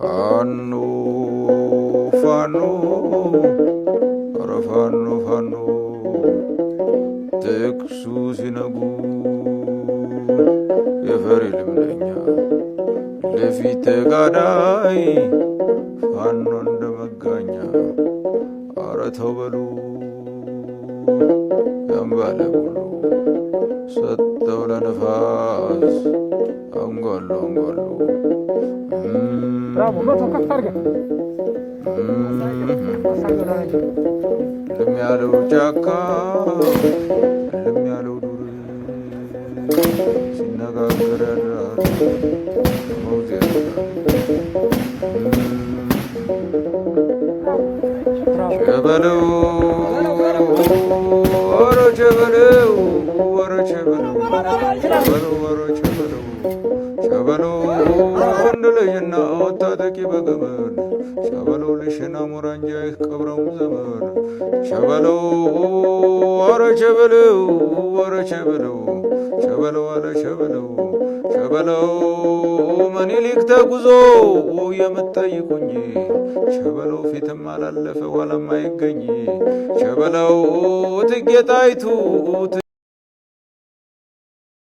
ፋኖ ፋኖ ኧረ ፋኖ ፋኖ ጥቅሱ ሲነጉ የፈሪ ልምደኛ ለፊት ጋዳይ ፋኖ እንደመጋኛ አረተው ተው በሉ ያምባለ ሁሉ ሰጠው ለነፋስ አንጓሉ አንጓሉ ልም ያለው ጫካ ልም ያለው ዱር ሲነጋገር ያድራል መውዝ ያድራል ሸበለው ወሮች በለው ወሮች በለው ሸበሉ ወሮች በለው ሸበሉ ልጅና ወታጠቂ በገመድ ሸበሉ ልሽና ሙራንጃይህ ቀብረው ዘመን ሸበሉ ወሮች በለው አለ ሸበለው ሸበለው ምኒልክ ተጉዞ የምትጠይቁኝ ሸበለው ፊትም አላለፈ ኋላም አይገኝ ሸበለው እቴጌ ጣይቱ